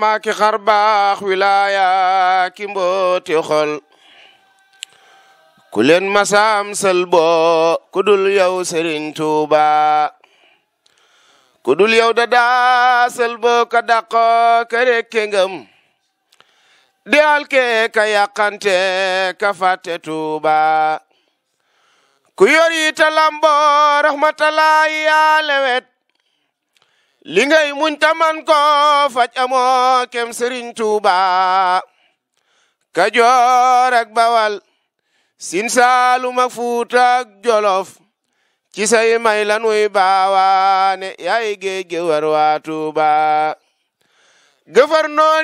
maa ki xar baax wilaaya ki mbooti xol ku leen masaam sel boo ku dul yow Serigne Touba ku dul yow dadaa sel boo ka dàqo ka rekke ngëm di alke ka yàqante ka fàtte Touba ku yor ta lambo rahmatalahi lewet li ngay muñ taman ko faj amoo kem Serigne Touba Kajoor ak Bawal Siin Saalum Jolof ci say may lanuy baawaane yaay géej gi war waa Touba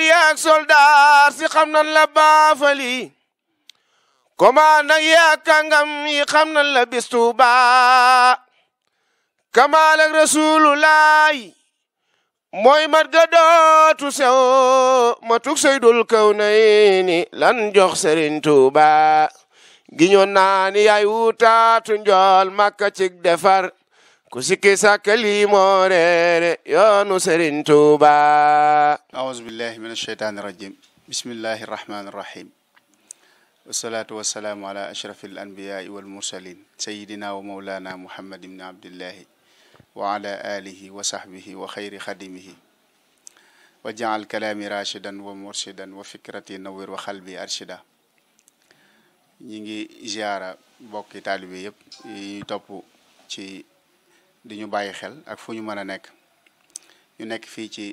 yaak soldaar si xam nan la baafali commandant yaak kàngam yi xam nan la bis Touba kamaal ak mooy mat dootu sew matuk seydul kaw lan jox Serigne Touba giñoon naa ni yaay wutaatu makka cig defar ku sikki sàkka lii moo reere yoonu Serigne Touba aouzu billahi min asheytaani rajim bismillahi rahmani rahim wasalaatu wasalaamu ala ashrafi al anbiyaai wal mursalin sayidina wa ala alihi wa sahbihi wa xayri xadimihi wa jaal kalaami rachidan wa mursidan wa fikrati nawir wa xalbi arshida ñi ngi ziara bokki taalibe yëpp yi topp ci di ñu bàyyi xel ak fu ñu mën a nekk ñu nekk fii ci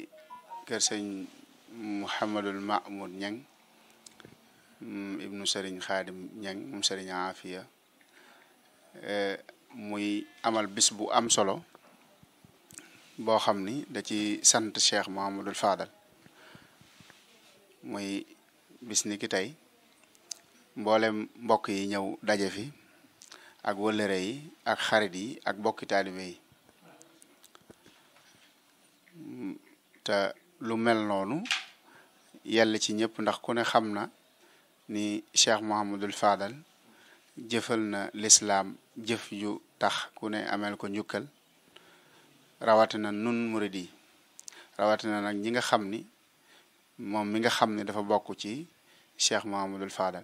kër sëñ Mouhamadul Mahmoud Ñang ibnu sëriñ Xaadim Ñang moom sëriñ Afiya eh, muy amal bis bu am solo boo xam ni da ci sant Cheikh Mouhamadul Fadal muy bis tey mboolem mbokk yi ñëw dajafi ak wëllëre yi ak xarit yi ak bokki taalibe yi te lu mel noonu yàlla ci ñëpp ndax ku ne xam na ni Cheikh Mouhamadul Fadal jëfal na lislaam jëf ju tax ku ne amel ko njukkal rawatina nun murid yi rawatina nag ñi nga xam ni moom mi nga xam ni dafa bokk ci Cheikh Mahamadul Fadal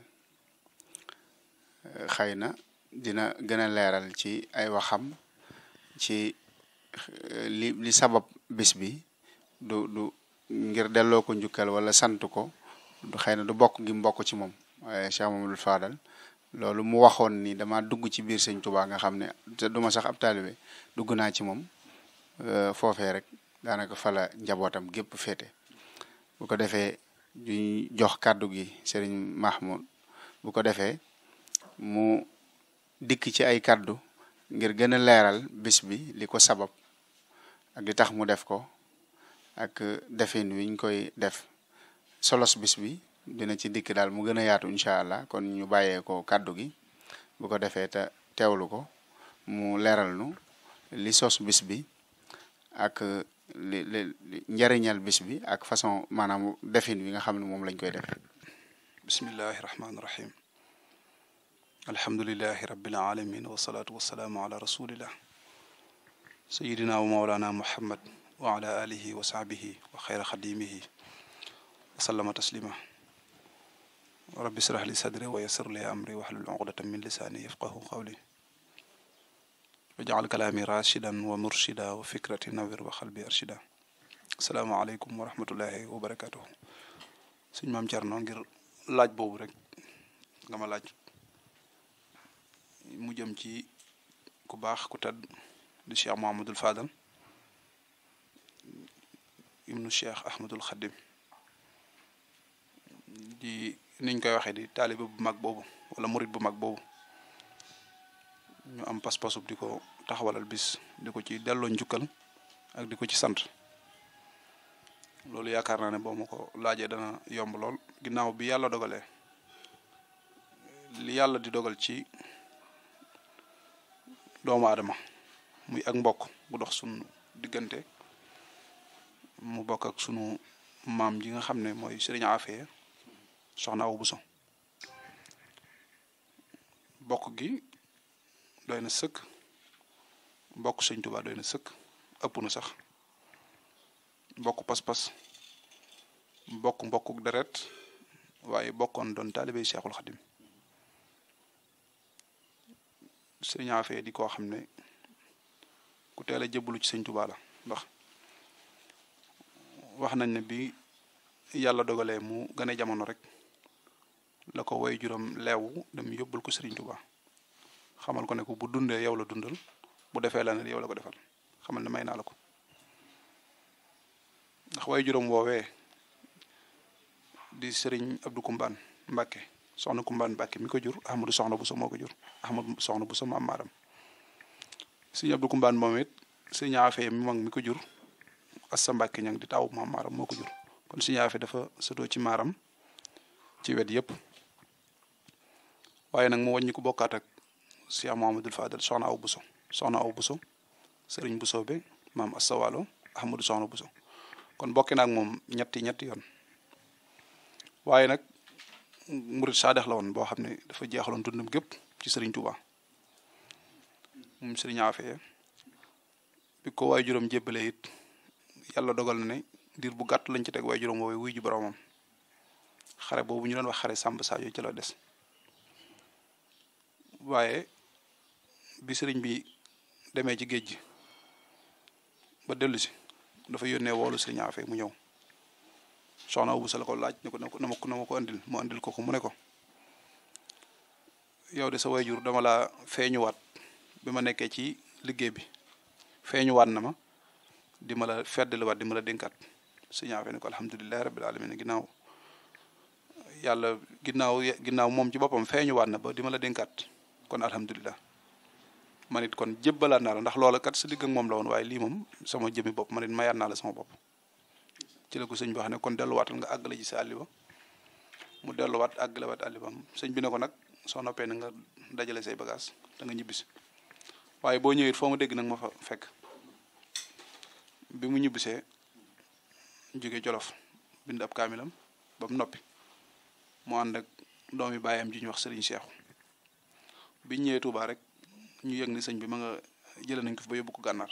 eh, xëy na dina gën a leeral ci ay waxam ci eh, li li sabab bis bi du ngir delloo ko njukkal wala sant ko du xëy na du bokk gi mu ci moom waaye Cheikh Mamadou loolu mu waxoon ni dama dugg ci biir sëñ Tuubaa nga xam ne duma sax ab taalibe dugg naa ci moom Euh, foofee rek daanaka fala njabootam gépp féete bu ko defee ñu jox kàddu gi sëriñ Mahmoud bu ko defee mu dikk ci ay kàddu ngir gën a leeral bis bi li ko sabab ak li tax mu def ko ak defin wiñ koy def solos bis bi dina ci dikk daal mu gën a yaatu incha allah kon ñu bàyyee ko kàddu gi bu ko defee te teewlu ko mu leeral nu li sos bis bi ak li li njariñal bis ak façon maanaam defin bi nga xam ne moom lañ koy def bismillahi rahmaani rahim alhamdulilahi rabbil alamin wasalaatu wasalaamu ala rasulillah sayidina wa maulana muhammad wa ala wa sahbihi wa xayra xadimihi wa sallama taslima rabbi israh li sadri wa yassir li amri wahlul uqdatan min lisaani yafqahu qawli wajaal kalaami rashidan wa murshida wa fikrati nawir wa xalbi arshida asalaamaaleykum wa rahmatullahi wa barakatuh suñ maam Cerno ngir laaj boobu rek nga ma laaj mu jëm ci ku baax ku tedd di cheikh Mohamadul Fadal ibnu cheikh Ahmadul Xadim di niñ koy waxee di taalibe bu mag boobu wala murit bu mag boobu ñu am pas-pasub di ko taxawalal bis di ko ci delloo njukkal ak di ko ci sant loolu yaakaar naa ne boo ma ko laajee dana yomb lool ginnaaw bi yàlla dogalee li yàlla di dogal ci doomu aadama muy ak mbokk bu dox sunu diggante mu bokk ak sunu maam ji nga xam ne mooy Serigne Afia soxna Awa Bousso bokk gi doy na sëkk bokk sëñ Tuubaa doy na sëkk ëpp na sax bokk pas-pas bokk mbokkuk deret waaye bokkoon doon taalibey Seexul Xadim sëriñ Afee di koo xam ne ku teel a jëbbalu ci sëñ la ndax wax nañ ne bi yàlla dogale mu gën a jamono rek la ko way juróom leewu dem yóbbul ko sëriñ xamal ko ne bu dundee yow la dundal bu defee leneen yow la ko defal xamal ne may naa la ko ndax way juróom woowee di sëriñ Abdou Kumbaan mbake soxna Kumbaan Mbàkke mi ko jur Ahmadu soxna bu sa ko jur soxna bu sa maam maaram sëriñ Abdou Kumbaan moom it sëriñ Afe mi mag mi ko jur Assa Mbàkke ñang di taw maam maaram moo ko jur kon sëriñ Afe dafa sëtoo ci maaram ci wet yëpp waaye nag mu wàññi ku bokkaat ak Cheikh Mouhamadul Fadal soxna aw Bousso soxna aw Bousso Serigne Bousso bi maam a Ahmadou soxna Bousso kon bokke naag moom ñetti ñetti yoon waaye nag murid saadex la woon boo xam ne dafa jeexaloon dundam gépp ci Serigne Touba moom Serigne Afee bi ko waay juróom jébbalee it yàlla dogal ne diir bu gàtt lañ ci teg waay juróom woowee wuy ju boromam xare boobu ñu doon wax xare Samba Sadio ci la des waaye bi sëriñ bi demee ci géej gi ba dellu si dafa yónnee woolu sëriñ Afee mu ñëw soxna Abu Sala ko laaj ne ko na ma ko na ma ko andil mu andil ko ko mu ne ko yow de sa wayjur dama laa feeñuwaat bi ma nekkee ci liggéey bi feeñuwaat na ma di ma la feddaliwaat di ma la dénkaat ne ko alhamdulilahi rabbil alamin ginnaaw yàlla ginnaaw ginnaaw moom ci boppam feeñuwaat na ba di ma dénkaat kon alhamdulilah man it kon jébbalaat la ndax loola kat sa digg ak moom la woon waaye lii moom sama jëmi bopp man it mayaat la sama bopp ci la ko sëñ bi wax ne kon delluwaatal nga àggale ji sa àlliba mu delluwaat àggalewaat àllibam sëñ bi ne ko nag soo noppee na nga dajale say bagage ta nga ñibbisi waaye boo ñëwee foo ma dégg nag ma fa fekk bi mu ñibbisee jóge jolof bind ab kaamilam ba noppi mu ànd ak doomi baayam ji ñu wax sëriñ seexu bi ñëwee Tuubaa rek ñu yëg ni sëñ bi ma nga jëlee nañ ko fi ba yóbbu ko gànnaar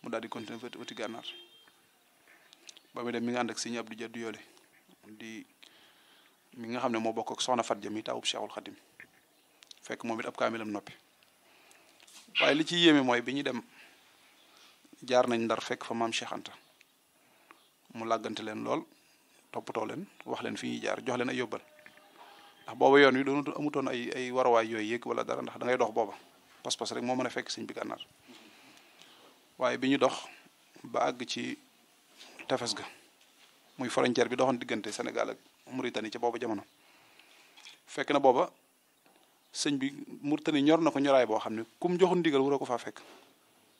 mu daal di continuer wëti gànnaar ba muy dem mi nga ànd ak sëñ Abdou Dia Duyole di mi nga xam ne moo bokk soxna Fat Jami taawub Cheikhul Khadim fekk moom it ab kaamilam noppi waaye li ci yéeme mooy bi ñu dem jaar nañ ndar fekk fa maam Cheikh mu làggante leen lool toppatoo leen wax leen fi jaar jox leen a yóbbal ndax booba yoon wi doonu amutoon ay ay warawaay yooyu yëg wala dara ndax da ngay dox booba pas-pas rek moo mën a fekk sëñ bi gànnaar waaye bi ñu dox ba àgg ci tefes ga muy frontière bi doxoon diggante Sénégal ak Mauritanie ca booba jamono fekk na booba sëñ bi Mauritanie ñor na ko ñoraay boo xam ne ku mu joxu ndigal wuroo ko faa fekk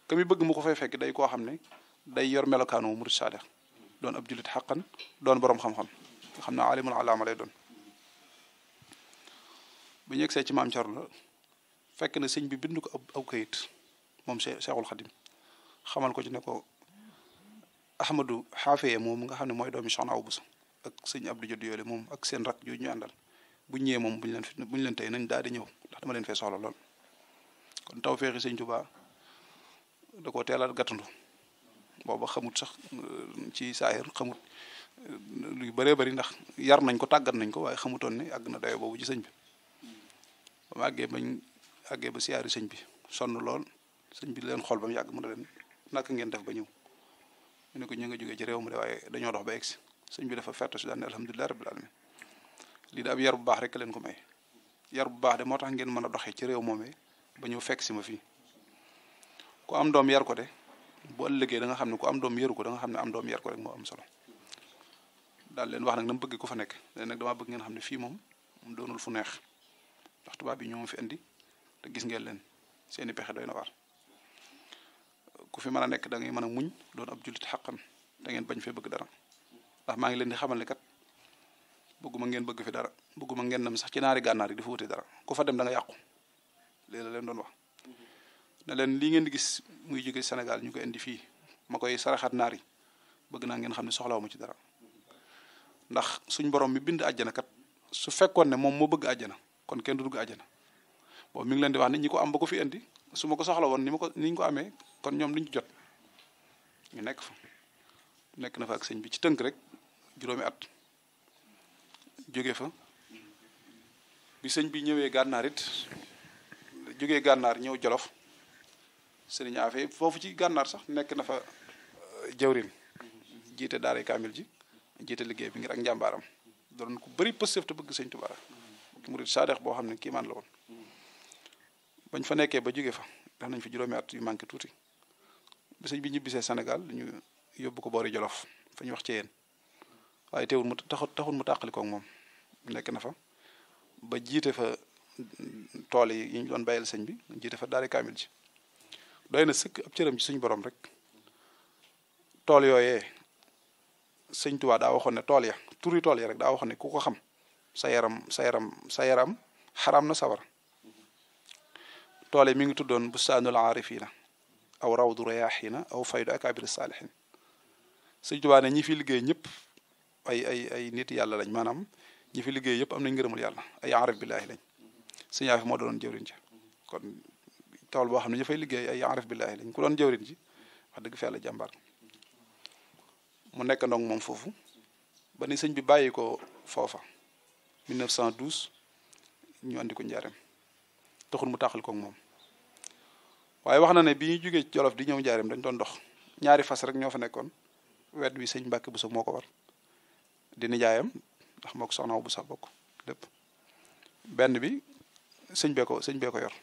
ka bëgg mu ko fay fekk day koo xam ne day yor melokaanu murid saadix doon ab jullit xaqan doon boroom xam-xam nga xam alimul alaama lay doon bu ñu yegsee ci maam Thierno la fekk na sëñ bi bind ko aw kayit moom Seexul Xadim xamal ko ci ne ko Ahmadou Xaafiya moom nga xam ne mooy doomi soxna Awa Bousso ak sëñ Abdou Jod yoole moom ak seen rak yooyu ñu àndal bu ñëwee moom buñ leen buñ leen tey nañ daal di ñëw ndax dama leen fe soxla lool kon taw feexi sëñ Tuubaa da koo teelaat gàttandu booba xamut sax euh, ci saahir xamut euh, lu bëree bëri ndax yar nañ ko tàggat nañ ko waaye xamutoon ne àgg na dayo boobu ci sëñ bi ba màggee àggee ba siyaari sëñ bi sonn lool sëñ bi leen xool ba mu yàgg mu ne leen naka ngeen def ba ñëw ñu ne ko ñu nga jógee ci réew mu de waaye dañoo dox ba egg si sëñ bi dafa fett si daan ne alhamdulilah rabbil alamin lii da ab yar bu baax rek leen ko may yar bu baax de moo tax ngeen mën a doxee ci réew moomee ba ñëw fekk si ma fii ku am doom yar ko de bu ëllëgee da nga xam ne ko am doom yaru ko da nga xam ne am doom yar ko rek moo am solo daal leen wax nag dama bëgg ko fa nekk léegi nag damaa bëgg ngeen xam ne fii moom mu doonul fu neex ndax tubaab bi ñoo ma fi indi gis ngeen leen seeni pexe doy na waar ku fi mën a nekk da ngay mën a muñ doon ab jullit xaqan da ngeen bañ fee bëgg dara ndax maa ngi leen di xamal ne kat ngeen bëgg fi dara bëgguma ngeen dem sax ci naari gànnaar yi di fa wuti dara ku dem da nga yàqu léegi la leen doon wax leen lii ngeen di gis muy jóge Sénégal ñu ko indi fii ma koy saraxaat naar yi bëgg naa ngeen xam ne soxla ma ci dara ndax suñ borom mi bind àjjana kat su fekkoon ne moom moo bëgg àjjana kon kenn du dugg àjjana bon mi ngi leen di wax ne ñi ko am ba ko fi indi su ma ko soxla woon ni ma ko ni ñu ko amee kon ñoom duñ jot ñu nekk fa nekk na fa ak sëñ bi ci tënk rek juróomi at jóge fa bi sëñ bi ñëwee gànnaar it jógee gànnaar ñëw jolof sëriñ Afe foofu ci gànnaar sax nekk na fa euh, jawrin jiite daara kaamil ji jiite liggéey bi ngir ak njàmbaaram doon ku bari pëstef te bëgg sëñ Tuubaa murid saadex boo xam ne kii maan la woon bañ fa nekkee ba jóge fa def nañ fa juróomi at yu manqué tuuti sëñ bi ñibbisee Sénégal ñu yóbbu ko boori Jolof fa ñu wax ci waaye teewul mu taxul mu tàqali moom nekk na fa ba jiite fa tool yi ñu doon bàyyil sëñ bi jiite fa daari doy na sëkk ab ci suñu borom rek tool yooyee sëñ daa waxoon ne tool ya turi tool ya rek daa waxoon ne ku ko xam sa yaram sa yaram sa yaram xaraam na sawar toole mi ngi tuddoon bustaanul aarifina aw rawdu rayaaxina aw faydu a saalihin sëñ Tuubaa ne ñi fi liggéey ñëpp ay ay ay nit yàlla lañ maanaam ñi fi liggéey yëpp am nañ ngërëmul yàlla ay aarif billaahi lañ sëñ Aafia moo doon jëwriñ ci kon tool boo xam ne ñu fay liggéey ay aarif billaahi lañ ku doon jëwriñ ji wax dëgg fi yàlla jàmbaar mu nekk ndong moom foofu ba ni sëñ bi bàyyi ko foofa 1912 ñu andi ko njaareem taxul mu taxal koog moom waaye wax na ne bi ñuy jógee Jolof di ñëw njaareem dañ doon dox ñaari fas rek ñoo fa nekkoon wet wi sëñ Mbàkke Buso moo ko war di nijaayam ndax mook ko soxnaaw bu sax bokk lépp bi sëñ ko sëñ yor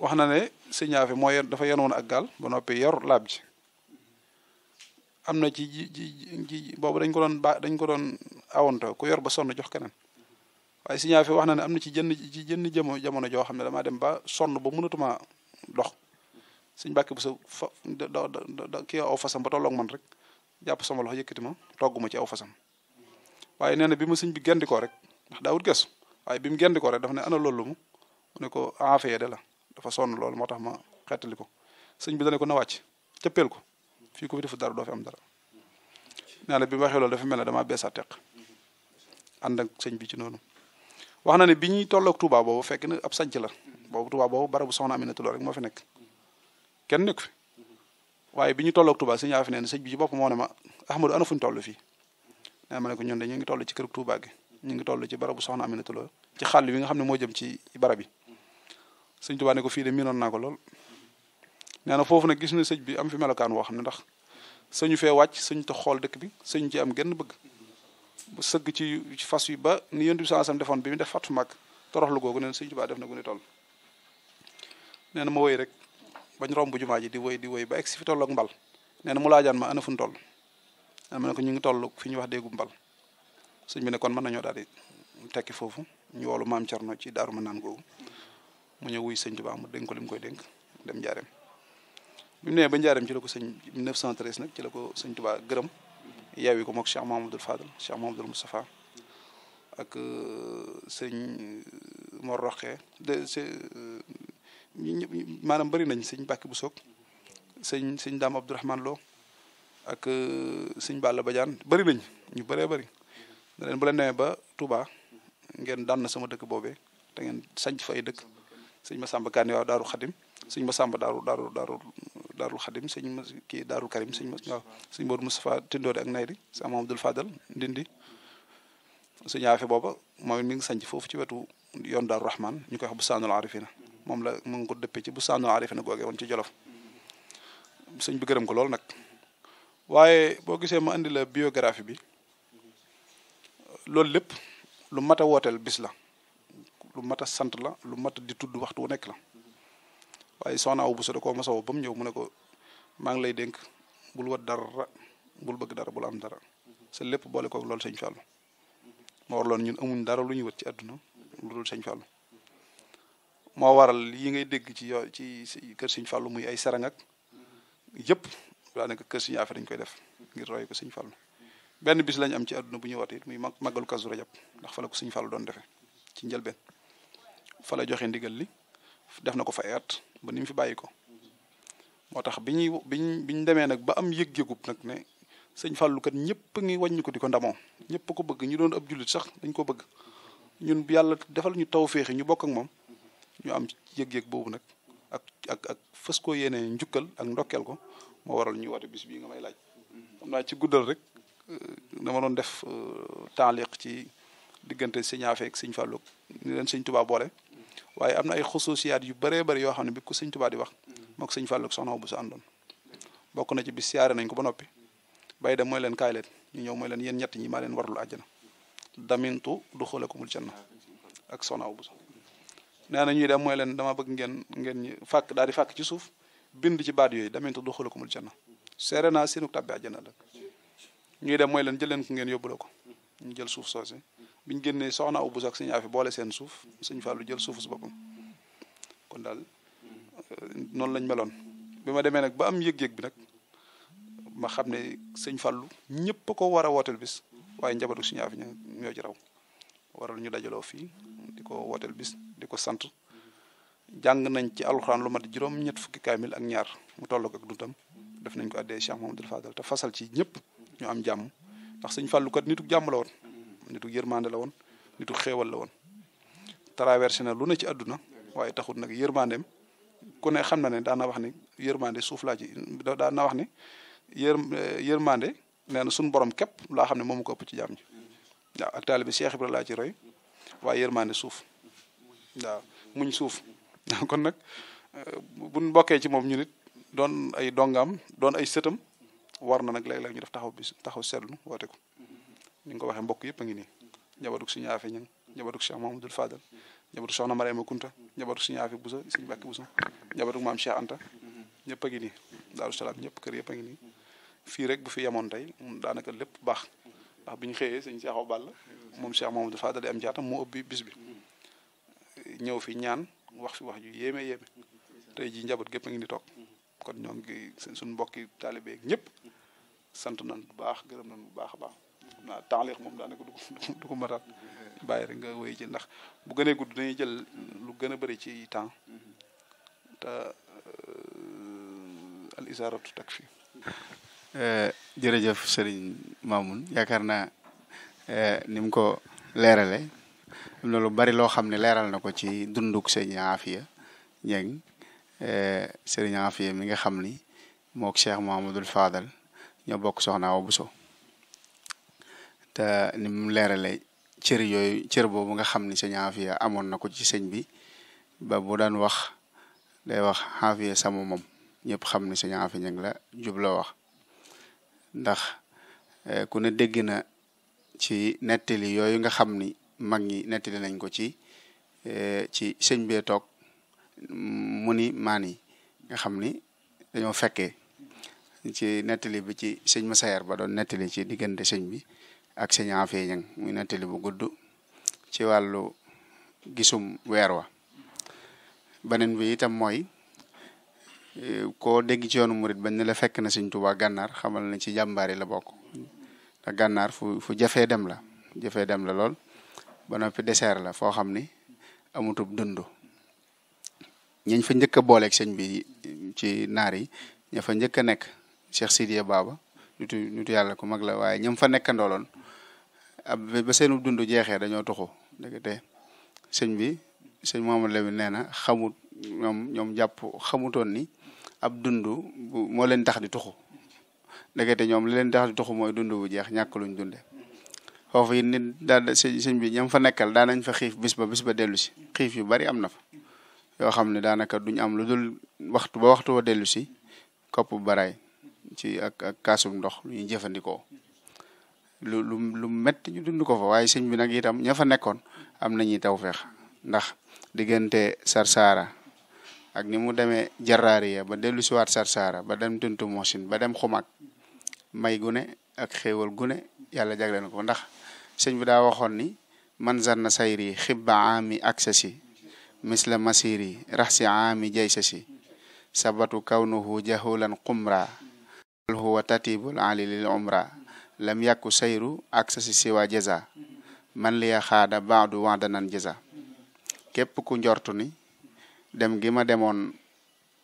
wax na ne sëñ Aafe moo dafa yenoon ak gaal ba noppi yor laab am na ci ji ji ji boobu dañ ko doon dañ ko doon awantoo ku yor ba sonn jox keneen waaye si ñaa fi wax na ne am na ci jënn ci jënn jëmo jamono joo ne damaa dem ba sonn ba mënatuma dox suñ bàkki bu sa fa kii aw fasam ba tolloog man rek jàpp sama loxo yëkkati ma togg ci aw fasam waaye nee na bi ma sëñ bi gendikoo rek ndax daawut ges waaye bi mu gendikoo rek dafa ne ana loolu mu ne ko enfaye de la dafa sonn loolu moo tax ma xettali ko sëñ bi dane ko na wàcc cëppeel ko fii ko fi defu dara doo fi am dara nee na bi ma loolu dafa mel ne damaa beesaa teq ànd ak sëñ bi ci noonu wax na ne bi ñuy tolloog Touba boobu fekk na ab sanc la boobu Touba boobu barabu soxna Aminata Lo rek moo fi nekk kenn nekk fi waaye bi ñu tolloog Touba sëñ fi nen sëñ bi ci bopp moo ne ma Ahmadou fu ñu toll fii nee ma ne ko ñun de ñu ngi toll ci kër Touba gi ñu ngi ci barabu soxna Aminata Lo ci xàll bi nga xam ne moo jëm ci barab yi sëñ Touba ne ko fii de miinoon naa ko lool nee na foofu nag gis na sëñ bi am fi melokaan woo xam ne ndax sëñu fee wàcc sëñ to xool dëkk bi sëñ ci am genn bëgg sëgg ci fas yi ba ni yonent bi sa alayhi wasallam defoon bi mu def fàttu mag toroxlu googu neen Sëriñ Tuubaa def na gu ni toll nee na ma woy rek bañ romb jumaa ji di woy di woy ba egg si fi toll ak mbal nee na mu laajaan ma ana fu ñu toll am na ko ñu ngi toll fi ñuy wax déggu mbal sëñ bi ne kon mën nañoo daal di tekki foofu ñu woolu maam Cerno ci daaru ma naan googu mu ñëw sëñ Sëriñ Tuubaa mu dénk ko koy dénk dem njaareem bi mu nee ba njaareem ci la ko sëñ 1913 nag ci la ko Sëriñ gërëm yeewi ko mook Cheikh Mahamadul Fadal Cheikh Mahamadul Moustapha ak euh, sëñ euh, Mor Roqe de se euh, maanaam bëri nañ sëñ Bàkki bu soog sëñ sëñ Daam Abdourahman Lo ak sëñ Balla Badiane bëri nañ ñu bëree bari da leen bu leen demee ba Touba ngeen daan na sama dëkk boobe te ngeen sanc fa dëkk sëñ ma Kane waaw Daaru Xadim sëñ Masamba daaru daaru daaru daarul xadim sëñ ma kii daarul karim sëñ ma waaw sëñ Modou Moustapha tindoori ak nayri sëñ Mamadou Fadal ndindi sëñ Afe booba moom it mi ngi sanc foofu ci wetu yoon daaru rahman ñu koy wax bu saanul arifina moom la mu ngi ko dëppee ci bu saanul arifina googee woon ci jolof sëñ bi gërëm ko lool nag waaye boo gisee ma indi la biographie bi loolu lépp lu mat a wooteel bis la lu mat a sant la lu mat a di tudd waxtu wu nekk la ay sona Awa Bousso da koo mosaw ba mu ñëw mu ne ko maa ngi lay dénk bul wat dara bul bëgg dara bul am dara sa lépp boole koog loolu sëñ Fallou moo war ñun amuñ dara lu ñuy wët ci àdduna lu dul waral yi ngay dégg ci yoo ci kër sëñ Fallou muy ay sarang yëpp daanaka kër sëñ Afia dañ koy def ngir roy ko benn bis lañ am ci àdduna bu ñuy woote it muy mag màggalu Kazu Rajab ndax fa la ko sëñ Fallou doon defee ci njëlbeen fa joxe ndigal li def na ko fa ba ni mu fi bàyyi ko moo tax bi ñuy biñ bi demee nag ba am yëg-yëgub nag ne sëñ Fallou kat ñëpp ngi wàññi ko di ko ndamoo ñëpp ko bëgg ñu doon ab jullit sax dañ ko bëgg ñun yàlla defal ñu taw féexi ñu bokk ak moom ñu am yëg-yëg boobu nag ak ak fës ko yéene njukkal ak ndokkeel ko moo waral ñu woote bis bii nga may laaj xam naa ci guddal rek euh, dama doon def euh, taaliq ci diggante sëñ feek ak sëñ Fallou ni leen sëñ Tuubaa boole waaye am na ay xusuusiyaat yu bëree bëri yoo xam ne bi ku sëñ Tuubaa di wax mm. mook ko sëñ Fàllu ak soxna bu sa àndoon bokk na ci bi siyaare nañ ko ba noppi bay dem mooy leen kaay leen ñu ñëw mooy leen yéen ñett ñi maa leen warlu àjjana damintu du xulakumul janna ak soxna bu sa nee na ñuy dem mooy leen dama bëgg ngeen ngeen ñi fàkk daal di fàkk ci suuf bind ci baat yooyu damintu du xulakumul janna seere naa seenu tàbbi àjjana la ñuy dem mooy leen jël leen ko ngeen yóbbuloo ko ñu jël suuf soosé biñ génnee soxna aw bus ak sëñ Afi boole seen suuf sëñ fallu jël suufu su boppam kon daal euh, noonu lañ meloon bi ma demee nag ba am yëg-yëg bi nag ma xam ne sëñ Fallou ñëpp a ko war a wooteel bis waaye njabootu sëñ Afi ñoo ci raw ñu dajaloo fii di ko wooteel bis di ko sant jàng nañ ci alxuraan lu mat juróom ñett fukki kaamil ak ñaar mu tolloog ak dundam def nañ ko addee Cheikh Mamadou Fadal te fasal ci ñëpp ñu am jàmm ndax sëñ fallu kat nitu jàmm la woon nitu yërmande la woon nitu xéewal la woon traversé na lu ne ci àdduna waaye taxul nag yërmandeem ku ne xam na ne daan na wax ni yërmande suuf laa ci daan na wax ni yër yërmande na suñu borom képp laa xam ne moom ko ëpp ci jaam ñi waaw ak taalibe Cheikh laa ci roy waaye yërmande suuf waaw muñ suuf kon nag eh, buñ bokkee ci moom ñu nit doon ay dongam doon ay sëtam war na nag léeg-léeg ñu def taxaw bis taxaw seetlu woote ko ni nga ko waxee mbokk yëpp a ngi nii njabootug suñu aafe ñang njabootug Cheikh Mahamadul Fadal njabootug Soxna Mariama Kunta njabootug suñu aafe Busa suñu Mbàkke Busa njabootug maam Cheikh Anta ñëpp a ngi nii Daaru Salaam ñëpp kër yëpp a ngi nii fii rek bu fi yemoon tey daanaka lépp baax ndax ñu xëyee sëñ Cheikh Awa moom Cheikh Mahamadul Fadal am jaata moo ëbbi bis bi ñëw fi wax fi wax ju yéeme yéeme tey jii njaboot gépp a ngi ni toog kon ñoo ngi suñ mbokki taalibe ñëpp sant nañ bu baax gërëm nañ bu baax a baax xam naa taaliq moom daanaka du ko du ko mataat bàyyi rek nga wéy ci ndax bu gënee gudd dañuy jël lu gën a bëri ci temps te euh, al isaaratu takfi euh, jërëjëf sëriñ Mamoun yaakaar naa euh, ni mu ko leerale am na lu bari loo xam ne leeral na ko ci dunduk sëriñ Afia Ñeng sëriñ Afia mi nga xam ni mook Cheikh Mouhamadoul Fadal ñoo bokk soxna Awa Bousso te ni mu leerale cër yooyu cër boobu nga xam ni sëñ Afia amoon na ko ci sëñ bi ba bu daan wax day wax Afia sama moom ñëpp xam ni sëñ Afia ñangi la jubla wax ndax eh, ku ne dégg na ci nettali yooyu nga xam ni mag ñi nettali nañ ko ci eh, ci sëñ bee toog mu ni maan nga xam ni dañoo fekke ci nettali bi ci sëñ Massayer ba doon nettali ci diggante sëñ bi ak sëñ Afee Ñaŋ muy nettali bu gudd ci wàllu gisum weer wa beneen bi itam mooy eh, ko dégg ci yoonu murit bañ ne la fekk na sëñ Tuubaa gànnaar xamal na ci jàmbaar la bokk te gànnaar fu fu jafee dem la jafe dem la lool ba noppi désert la foo xam ni amutub dund ñañ fa njëkk a booleeg sëñ bi ci naar yi ña fa njëkk a nekk Cheikh Sidiya Baba nitu nitu yàlla ku mag la waaye ñam fa nekkandooloon ba seenu dund jeexee dañoo tuxu dëgg te sëñ bi sëñ moom Lamine nee na xamut ñoom jàpp xamutoon ni ab dund moo leen tax di tuxu dëgg ñoom li leen tax di tuxu mooy dund bu jeex ñàkk luñ dunde foofu it nit daal sëñ bi ñam fa nekkal daan nañ fa xiif bis ba bis ba dellu si xiif yu bari am na fa yoo xam ne daanaka duñ am lu dul waxtu ba waxtu ba dellu si kopp baraay ci ak ak ndox lu ñuy jëfandikoo lu lu lu ñu dund ko fa waaye sëñ bi nag itam ña fa nekkoon am taw tawfeex ndax diggante Sarsara ak ni mu demee Jaraariya ba dellu Sarsara ba dem tuntu Mosin ba dem xumaag may gune ak xéewal gune yàlla jagleel ko ndax sëñ bi daa waxoon ni man zanna sayri xibba aami aksasi misla masiri raxsi aami jaysasi sabatu kawnuhu jahulan qumra alhuwa tatibul ali lil umra lam yàkku sayru ak sa si siwa jaza man liya xaada baadu waxdanan jaza képp ku njortu ni dem gi ma demoon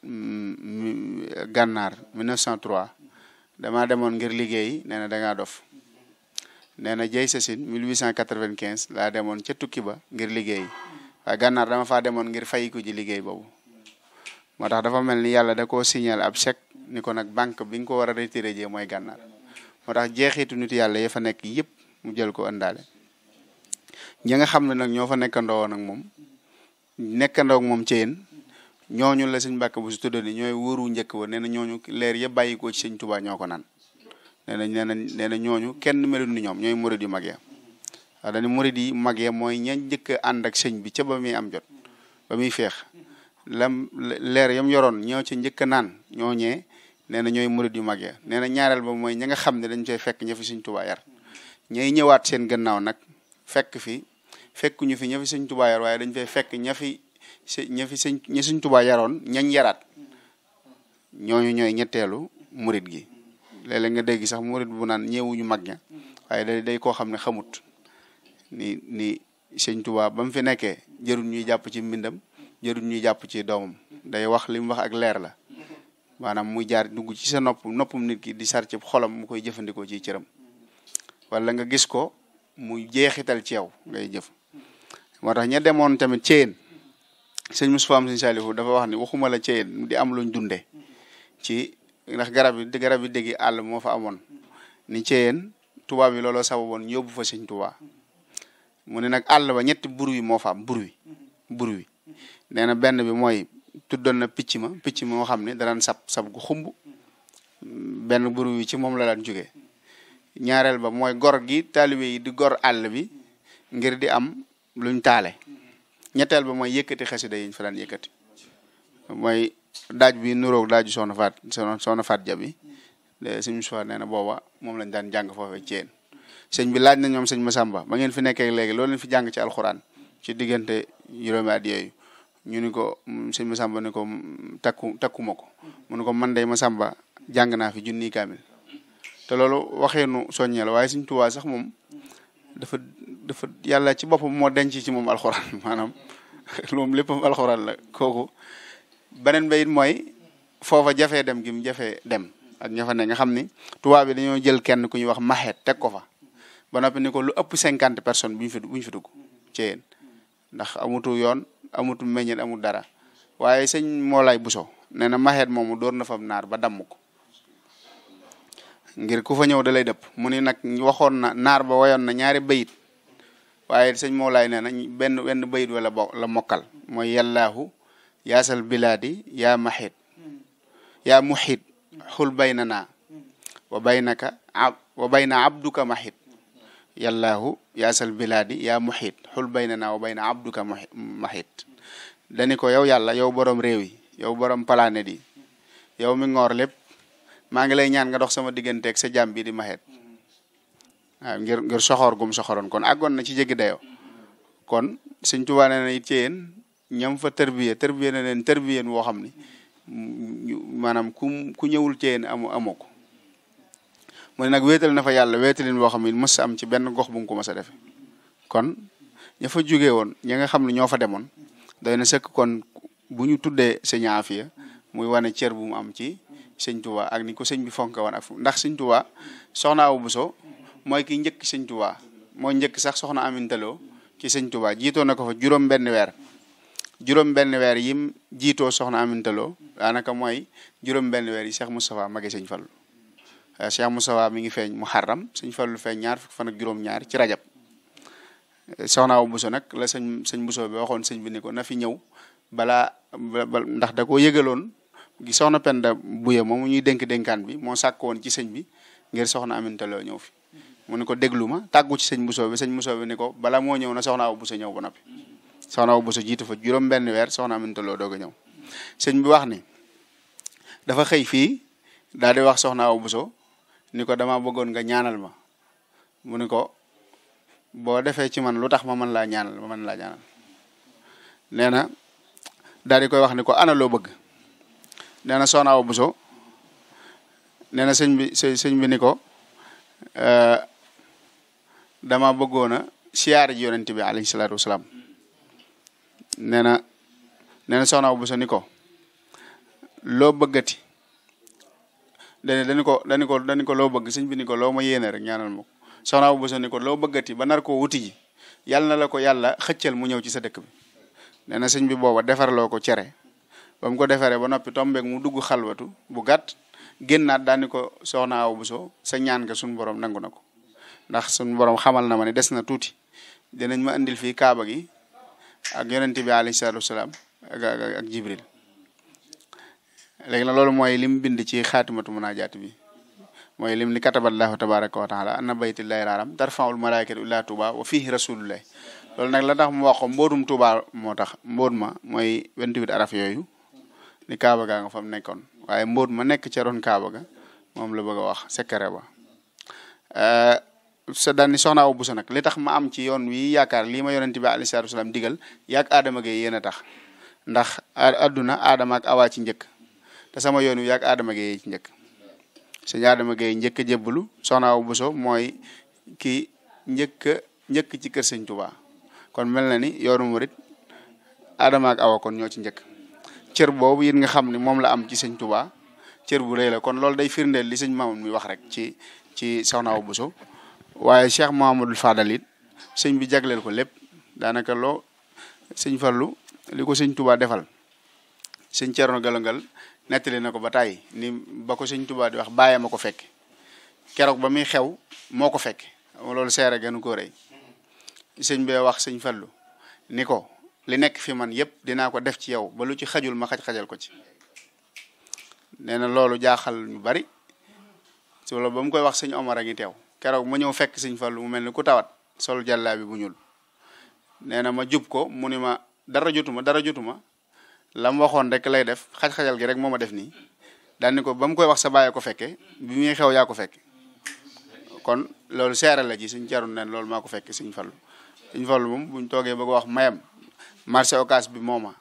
mm, gànnaar 1903 dama demoon ngir liggéey nee na dangaa dof nee na jey sasin 1895 laa demoon ca tukki ba ngir liggéey waaye gànnaar dama faa demoon ngir fayiku ji liggéey boobu moo tax dafa mel ni yàlla da koo signal ab chèque ni ko nag banque bi nga ko war a retiré jee mooy gànnaar moo tax jeexitu nit yàlla ya fa nekk yëpp mu jël ko ëndaale ñi nga xam ne nag ñoo fa nekkandoo woon ak moom nekkandoo ak moom ci ñooñu la sëñ Mbàkke bu si tuddee ni ñooy wóoru njëkk ba nee na ñooñu leer bàyyikoo ci sëñ Tuubaa ko naan nee nañ nee nañ ñooñu kenn melut ni ñoom ñooy murid yu mag ya waaw dañu murid mag ya mooy ña njëkk ànd ak sëñ bi ca ba muy am jot ba muy feex lam leer yam yoroon ñoo ci njëkk a naan ñoo ñee nee na ñooy murid yu mag ya nee na ñaareel ba mooy ñi nga xam ne dañ koy fekk ña fi suñ tubaa yar ñay ñëwaat seen gannaaw nag fekk fi fekkuñu fi ña fi suñ tubaa waaye dañ fay fekk ña fi ña fi suñ ña yaroon ñañ yaraat ñooñu ñooy ñetteelu murid gi léeg nga dégg sax murid bu naan ñeewuñu mag ña waaye day day koo xam ne xamut ni ni sëñ Tuubaa ba mu fi nekkee jëruñ ñuy jàpp ci mbindam jëruñ ñuy jàpp ci doomam day wax li mu wax ak leer la maanaam muy jaar dugg ci sa nopp noppum nit ki di sar ci xolam mu koy jëfandikoo ci cëram wala nga gis ko mu jeexital ci yow ngay jëf moo tax ña demoon tamit ceen sëñ Moussa am sëñ Saalihu dafa wax ni waxuma la ceen di am luñ dunde ci ndax garab yi garab yi dégg àll moo fa amoon ni ceen tubaab yi looloo sababoon ñu yóbbu fa sëñ Tuubaa mu ne nag àll ba ñetti buru yi moo fa am buru buru yi nee benn bi mooy tuddoon na picc ma picc moo xam ne danaan sab sab gu xumb benn buru wi ci moom la daan jóge ñaareel ba mooy gor gi taalibe yi di gor àll bi ngir di am luñ taale ñetteel ba mooy yëkkati xasida yi ñu fa daan yëkkati mooy daaj bi nuroog daaju soxna faat soxna faat ja bi suñu soir nee na booba moom lañ daan jàng foofee ceen sëñ bi laaj na ñoom sëñ Masamba ba ngeen fi nekkee léegi loolu leen fi jàng ci alxuraan ci diggante juróomi at yooyu ñu ni ko mm, sëñ Masamba ni ko mm, takku takkuma ko mu ne ko man day Masamba jàng naa fi junni kaamil te loolu waxee nu soññee la waaye Sëñ Tuubaa sax moom dafa dafa yàlla ci boppam moo denc ci moom alxuraan maanaam moom léppam alxuraan la kooku beneen bayit mooy foofa jafe dem gi mu jafee dem ak ña fa ne xam ni tubaab bi dañoo jël kenn ku ñuy wax maxeet teg ko fa ba noppi ni ko lu ëpp cinquante personnes bu ñu fi ñu fi dugg ci yéen ndax amutu yoon amatu meññet amul dara waaye sëñ Moolay Buso nee na maxeet moomu door na fam naar ba damm ko ngir ku fa ñëw da lay dëpp mu ni nag waxoon na naar ba wayoon na ñaari bayit waaye sëñ Moolay nee na benn benn bayit wala bo mokkal mooy yàllaahu yaasal bilaadi ya maxeet yaa muxiit xul bay na naa wa bay ka wa bay na abduka maxit ya yaasal bilaadi yaa muxiit xul baynana wa bayna abduka muxiit dani ko yow yàlla yow borom réew yi yow borom planète yi yow mi ngoor lépp maa ngi lay ñaan nga dox sama digganteeg sa jàmm bi di maxeet ngir ngir soxor gum soxoroon kon àggoon na ci jéggi dayoo kon Sëñ Tuubaa nee na it ci yéen ñam fa tërbiye tërbiye na leen tërbiyeen woo xam ni maanaam ku ku ñëwul ci yéen amu amoo mooy ne nag wéetal na fa yàlla wéetalin boo xam ne mës am ci benn gox bu mu ko mës kon ña fa jógee woon ñi nga xam ne ñoo fa demoon doy na sëkk kon bu ñu tuddee sëñ Afia muy wane cër bu mu am ci sëñ Touba ak ni ko sëñ bi fonke woon ak fu ndax sëñ Touba soxna Awa Bousso mooy ki njëkk sëñ Touba njëkk sax soxna Amintaloo ci sëñ Touba jiitoo na ko fa juróom benn weer juróom benn weer yim jiitoo soxna Amintaloo daanaka mooy juróom benn weer yi Cheikh Moustapha magi sëñ Fallu Eh, Cheikh Moussa mi ngi feeñ muharram sëñ Fallu feeñ ñaar fukki fan ak juróom ci rajab eh, soxna Awa Bousso nag la sëñ sëñ Bousso bi waxoon sëñ bi ni na fi ñëw balaa ndax da koo yëgaloon gi soxna Penda Buye moom ñuy dénk-dénkaan bi moo sàkk ci sëñ bi ngir soxna Aminta Lo ñëw fi mu ne ko déglu ma tàggu ci sëñ Bousso bi sëñ Bousso bi ko bala moo ñëw na soxna Awa Bousso ñëw ba noppi soxna Awa Bousso jiitu fa juróom benn weer soxna Aminta Lo doog a ñëw sëñ bi wax ni dafa xëy fii daal di wax soxna Awa Bousso ni ko dama bëggoon nga ñaanal ma mu ni ko boo defee ci man lu tax ma mën laa ñaanal ma mën laa ñaanal nee na daal di wax ni ko ana loo bëgg nee na soxna Awa Buso nee na sëñ bi sëñ bi ni ko dama bëggoon a siyaare ji yonent bi alayhi salaatu wasalaam nee na nee na soxna Buso ni loo bëggati dañu dañu ko dañu ko dañu ko loo bëgg sëñ bi ni loo ma yéene rek ñaanal ma soxna bu boso ni ko loo bëggati ba nar ko wuti ji yàlla na la ko yàlla xëccal mu ñëw ci sa dëkk bi nee na sëñ bi booba defarloo ko cere ba mu ko defaree ba noppi tom tombeeg mu dugg xalwatu bu gàtt génnaat daani ko soxna aw buso sa ñaan nga suñu borom nangu na ko ndax suñu borom xamal na ma ne des na tuuti dinañ ma indil fii kaaba gi ak yonente bi alayhi salaatu wasalaam ak ak jibril léegi nag loolu mooy lim bind ci xaatimatu munaajaat bi mooy lim li kataballaahu tabaraka wa taala anna baytillahi raaram tarfaul malaikatu illa tuuba wa fihi rasulullahi loolu nag la tax mu wax ko tuuba moo tax mbóot ma mooy 28 araf yooyu ni kaaba gaa nga fa mu nekkoon waaye mbóot ma nekk ca roon kaaba ga moom la bëgg wax secret ba sa daan ni soxnaa bu sa nag li tax ma am ci yoon wi yaakaar lii ma yonent bi alayhi salaatu wasalaam digal yaag aadama gay yéen a tax ndax adduna aadama ak ci njëkk te sama yoonu wi yàgg Adama Gueye ci njëkk sëñ Adama Gueye njëkk a jébbalu soxna Awa Bousso mooy ki njëkk njëkk ci kër sëñ kon mel na ni yoonu murit Adama kon ñoo ci njëkk cër boobu yit nga xam ni moom la am ci sëñ Touba cër bu rëy la kon loolu day firndeel li sëñ Mamadou mi wax rek ci ci soxna Awa Bousso waaye Cheikh Mamadou Fadal it sëñ bi jagleel ko lépp daanaka loo sëñ Fallu li ko sëñ Touba defal sëñ Thierno Galangal nettali na ko ba tàyyi ni ba ko sëñ Tuubaa di wax bàyyee ma ko fekk keroog ba muy xew moo ko fekk loolu seere gënu ko rëy sëñ bee wax sëñ Fallu ni ko li nekk fi man yëpp dinaa ko def ci yow ba lu ci xajul ma xaj-xajal ko ci nee na loolu jaaxal ñu bari solo ba mu koy wax sëñ Omar a ngi teew keroog ma ñëw fekk sëñ Fallu mu mel ni ku tawat sol jàllaa bu ñuul nee na ma jub ko mu ni ma dara jotuma dara jotuma la mu waxoon rek lay def xaj-xajal gi rek moo ma def nii daal ni ko ba mu koy wax sa bàyyee ko fekke bi muy xew yaa ko fekke kon loolu seere la ci suñ jarul nen loolu maa ko fekke suñ fallu suñ fallu moom buñ toogee bëgg wax mayam marché occas bi mooma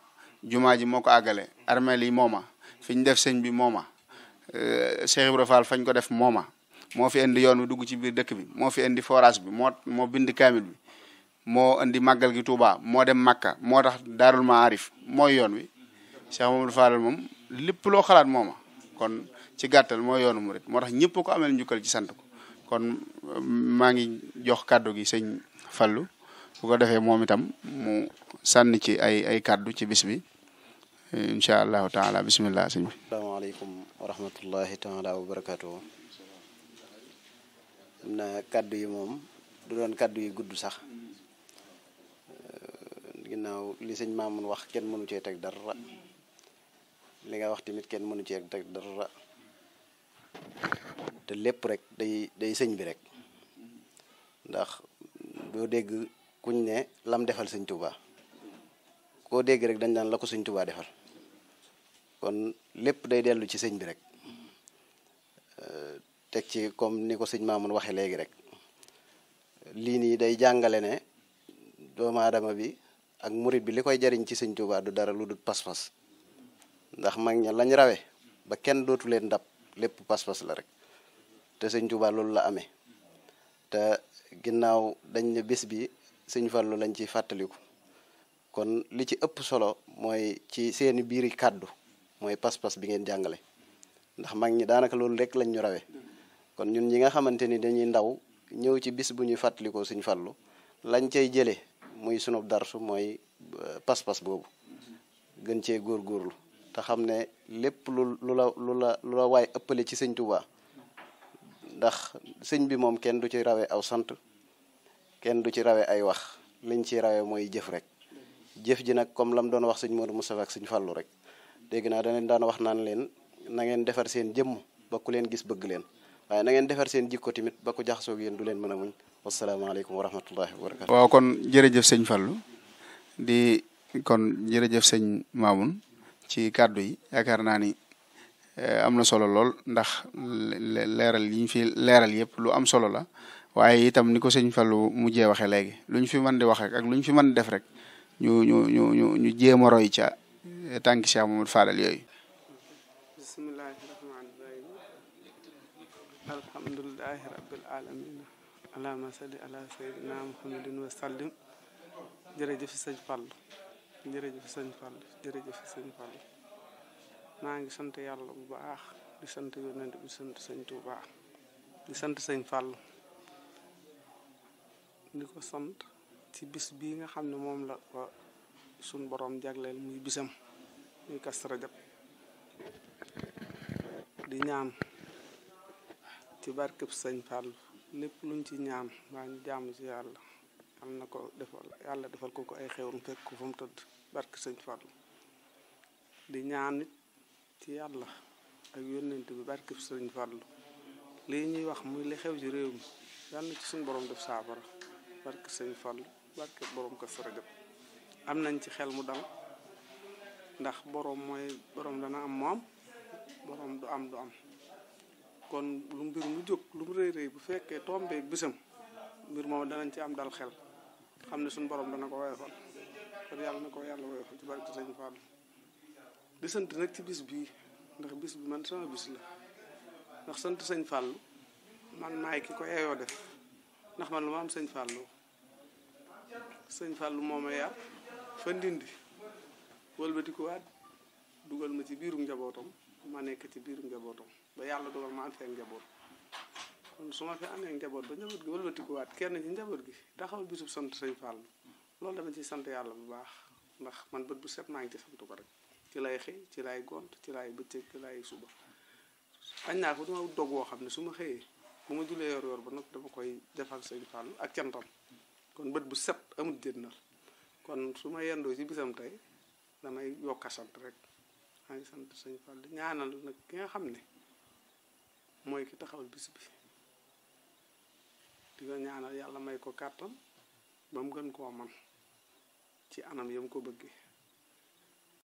jumaa ji moo ko àggale armeel yi mooma fi ñu def sëñ bi mooma euh, Cheikh Ibra Fall fañ ko def mooma moo fi indi yoon wi dugg ci biir dëkk bi moo fi indi forage bi moo moo bind kaamil bi moo indi màggal gi Touba moo dem Makka moo tax daarul maarif mooy yoon wi Cheikh Mamadou Fadal moom lépp loo xalaat mooma kon ci gàttal moo yoonu murit moo tax ñëpp ko amel njukkal ci sant ko kon euh, maa ngi jox kàddu gi sëñ Fallu bu ko defee moom itam mu sànni ci ay ay kàddu ci bis bi incha allahu taala bisimilah sëñ bi asalaamaaleykum wa rahmatullahi taala wa barakatuhu yi moom du doon kàddu yi gudd sax euh, ginnaaw li sëñ Maamun wax kenn mënu cee teg dara li nga wax tamit kenn mënu ci rek dara te lépp rek day day sëñ bi rek ndax doo dégg kuñ ne lam defal sëñ Tuubaa koo dégg rek dañ naan la ko sëñ Tuubaa defal kon lépp day dellu ci sëñ bi rek teg ci comme ni ko sëñ Maamun waxe léegi rek lii nii day jàngale ne doomu aadama bi ak murit bi li koy jariñ ci sëñ Tuubaa du dara lu dul pas-pas ndax mag ña lañ rawee ba kenn dootu leen dab lépp pas-pas la rek te sëñ Tuubaa loolu la amee te ginnaaw dañ ne bés bi sëñ Fallu lañ ciy fàttaliku kon li ci ëpp solo mooy ci seeni biiri kàddu mooy pas-pas bi ngeen jàngale ndax mag ñi daanaka loolu rek lañ ñu rawe kon ñun ñi nga xamante ni dañuy ndaw ñëw ci bis bu ñuy fàttalikoo sëñ Fallu lañ cay jëlee muy sunu darsu mooy euh, pas-pas boobu gën cee góorgóorlu te xam ne lépp lu lu la lu la lu la waay ëppale ci sëñ Touba ndax sëñ bi moom kenn du ci rawe aw sant kenn du ci rawe ay wax liñ ci rawe mooy jëf rek jëf ji nag comme lam doon wax sëñ Modou Moustapha ak sëñ Fallou rek dégg naa da daan wax naan leen na ngeen defar seen jëmm ba leen gis bëgg leen waaye na ngeen defar seen jikko tamit ba ku jaxasoo yéen du leen mën a muñ wasalaamaaleykum wa rahmatullahi wa barakatu waaw kon jërëjëf sëñ Fallou di kon jërëjëf sëñ Mamoun ci kàddu yi yaakaar naa ni eh, am na solo lool ndax leeral yi fi leeral yëpp lu am solo la waaye itam ni ko sëñ mu mujjee waxee léegi lu ñu fi mën di wax ak lu ñu fi mën def rek ñu ñu ñu ñu ñu ca eh, tànki Cheikh Mamadou Fadal yooyu. bismillahi jërëjëf sëñ jërëjëf sëñ Fall jërëjëf sëñ Fall maa ngi sant yàlla bu baax di sant yonent bi sant sëñ Tuubaa di sant sëñ Fall di ko sant ci bis bii nga xam ne moom la ko suñ borom jagleel muy bisam muy Kazu Rajab di ñaan ci barkeb sëñ Fall lépp luñ ci ñaan maa ngi jaamu ci yàlla am na ko defal yàlla defal ko ko ay xewum fekk ko fa mu tëdd barke sëñ Fallou di ñaan it ci yàlla ak yónnent bi barke sëñ Fallou lii ñuy wax muy li xew ci réew mi yàlla ci suñ borom def saafara barke sëñ Fallou barke borom ko saragëb am nañ ci xel mu dal ndax borom mooy borom dana am moom borom du am du am kon lu mbir mu jóg lu mu rëy rëy bu fekkee tombee bisam mbir moom danañ ci am dal xel xam ne suñ borom dana ko woyofal kon yàlla na ko yàlla woyofal ci barke sañ Fall di sant nag ci bis bii ndax bis bi man sama bis la ndax sant sañ Fall man maay ki ko yeyoo def ndax man lu ma am Sëñ Fallu Sëñ Fallu moo ma yar fa ndindi wëlbatikuwaat dugal ma ci biirum njabootam ma nekk ci biirum njabootam ba yàlla dogal ma am fee njaboot kon su ma fi amee njaboot ba njaboot gi wëlbatikuwaat kenn ci njaboot gi taxawal bisub sant Sëñ Fallu loolu dama ci sant yàlla bu baax ndax man bët bu set maa ngi ci sant ko rek ci lay xëy ci lay gont ci lay bëccëg ci lay suba xañ naa ko dama dog woo xam ne su ma xëyee bu ma julee yor yor ba nag dama koy defal sëñ Fall ak cantam kon bët bu set amul jëndal kon su ma yendoo ci bisam tey damay yokka sant rek maa ngi sant sëñ Fall di ñaanal nag ki nga xam ne mooy ki taxawal bis bi di ñaanal yàlla may ko kàttan ba mu gën koo man ci anam yam ko bëgge